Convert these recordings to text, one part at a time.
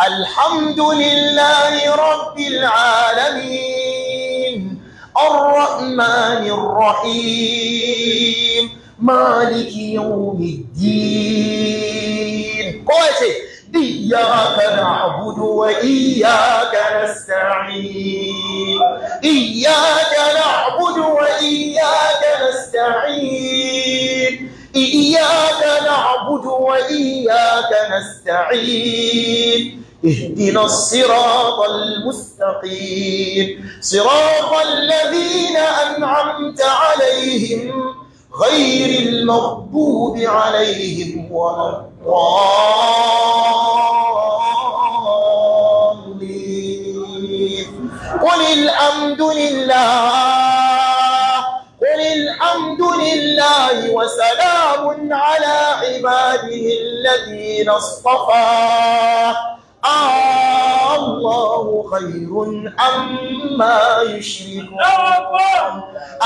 الحمد لله رب العالمين الرحمن الرحيم مالك يوم الدين قوتي إياك نعبد وإياك نستعين إياك نعبد وإياك نستعين إياك نعبد وإياك نستعين اهدنا الصراط المستقيم صراط الذين أنعمت عليهم غير المغضوب عليهم ولا الضالين قل الحمد لله الله وسلام على عباده الذين اصطفى آه، الله خير أما يشركون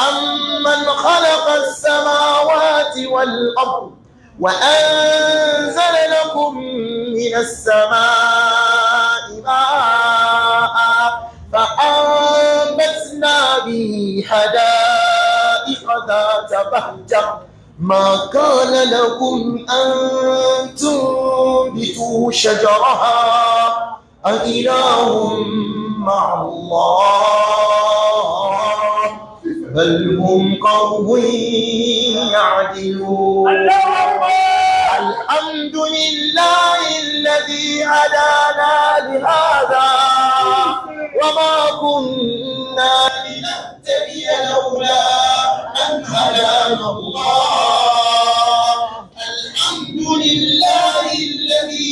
أمن خلق السماوات والأرض وأنزل لكم من السماء ماء فأنبتنا به حدائق تبهجر ما كان لكم أن تنبتوا شجرها أإله مع الله بل هم قوم يعدلون الحمد لله الذي هدانا لهذا وما كنا هدانا الله الحمد لله لنهتدي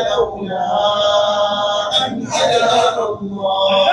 لولا أن هدانا الله